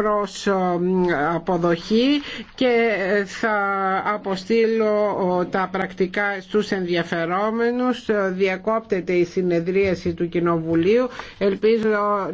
προς αποδοχή και θα αποστείλω τα πρακτικά στους ενδιαφερόμενους. Διακόπτεται η συνεδρίαση του Κοινοβουλίου. Ελπίζω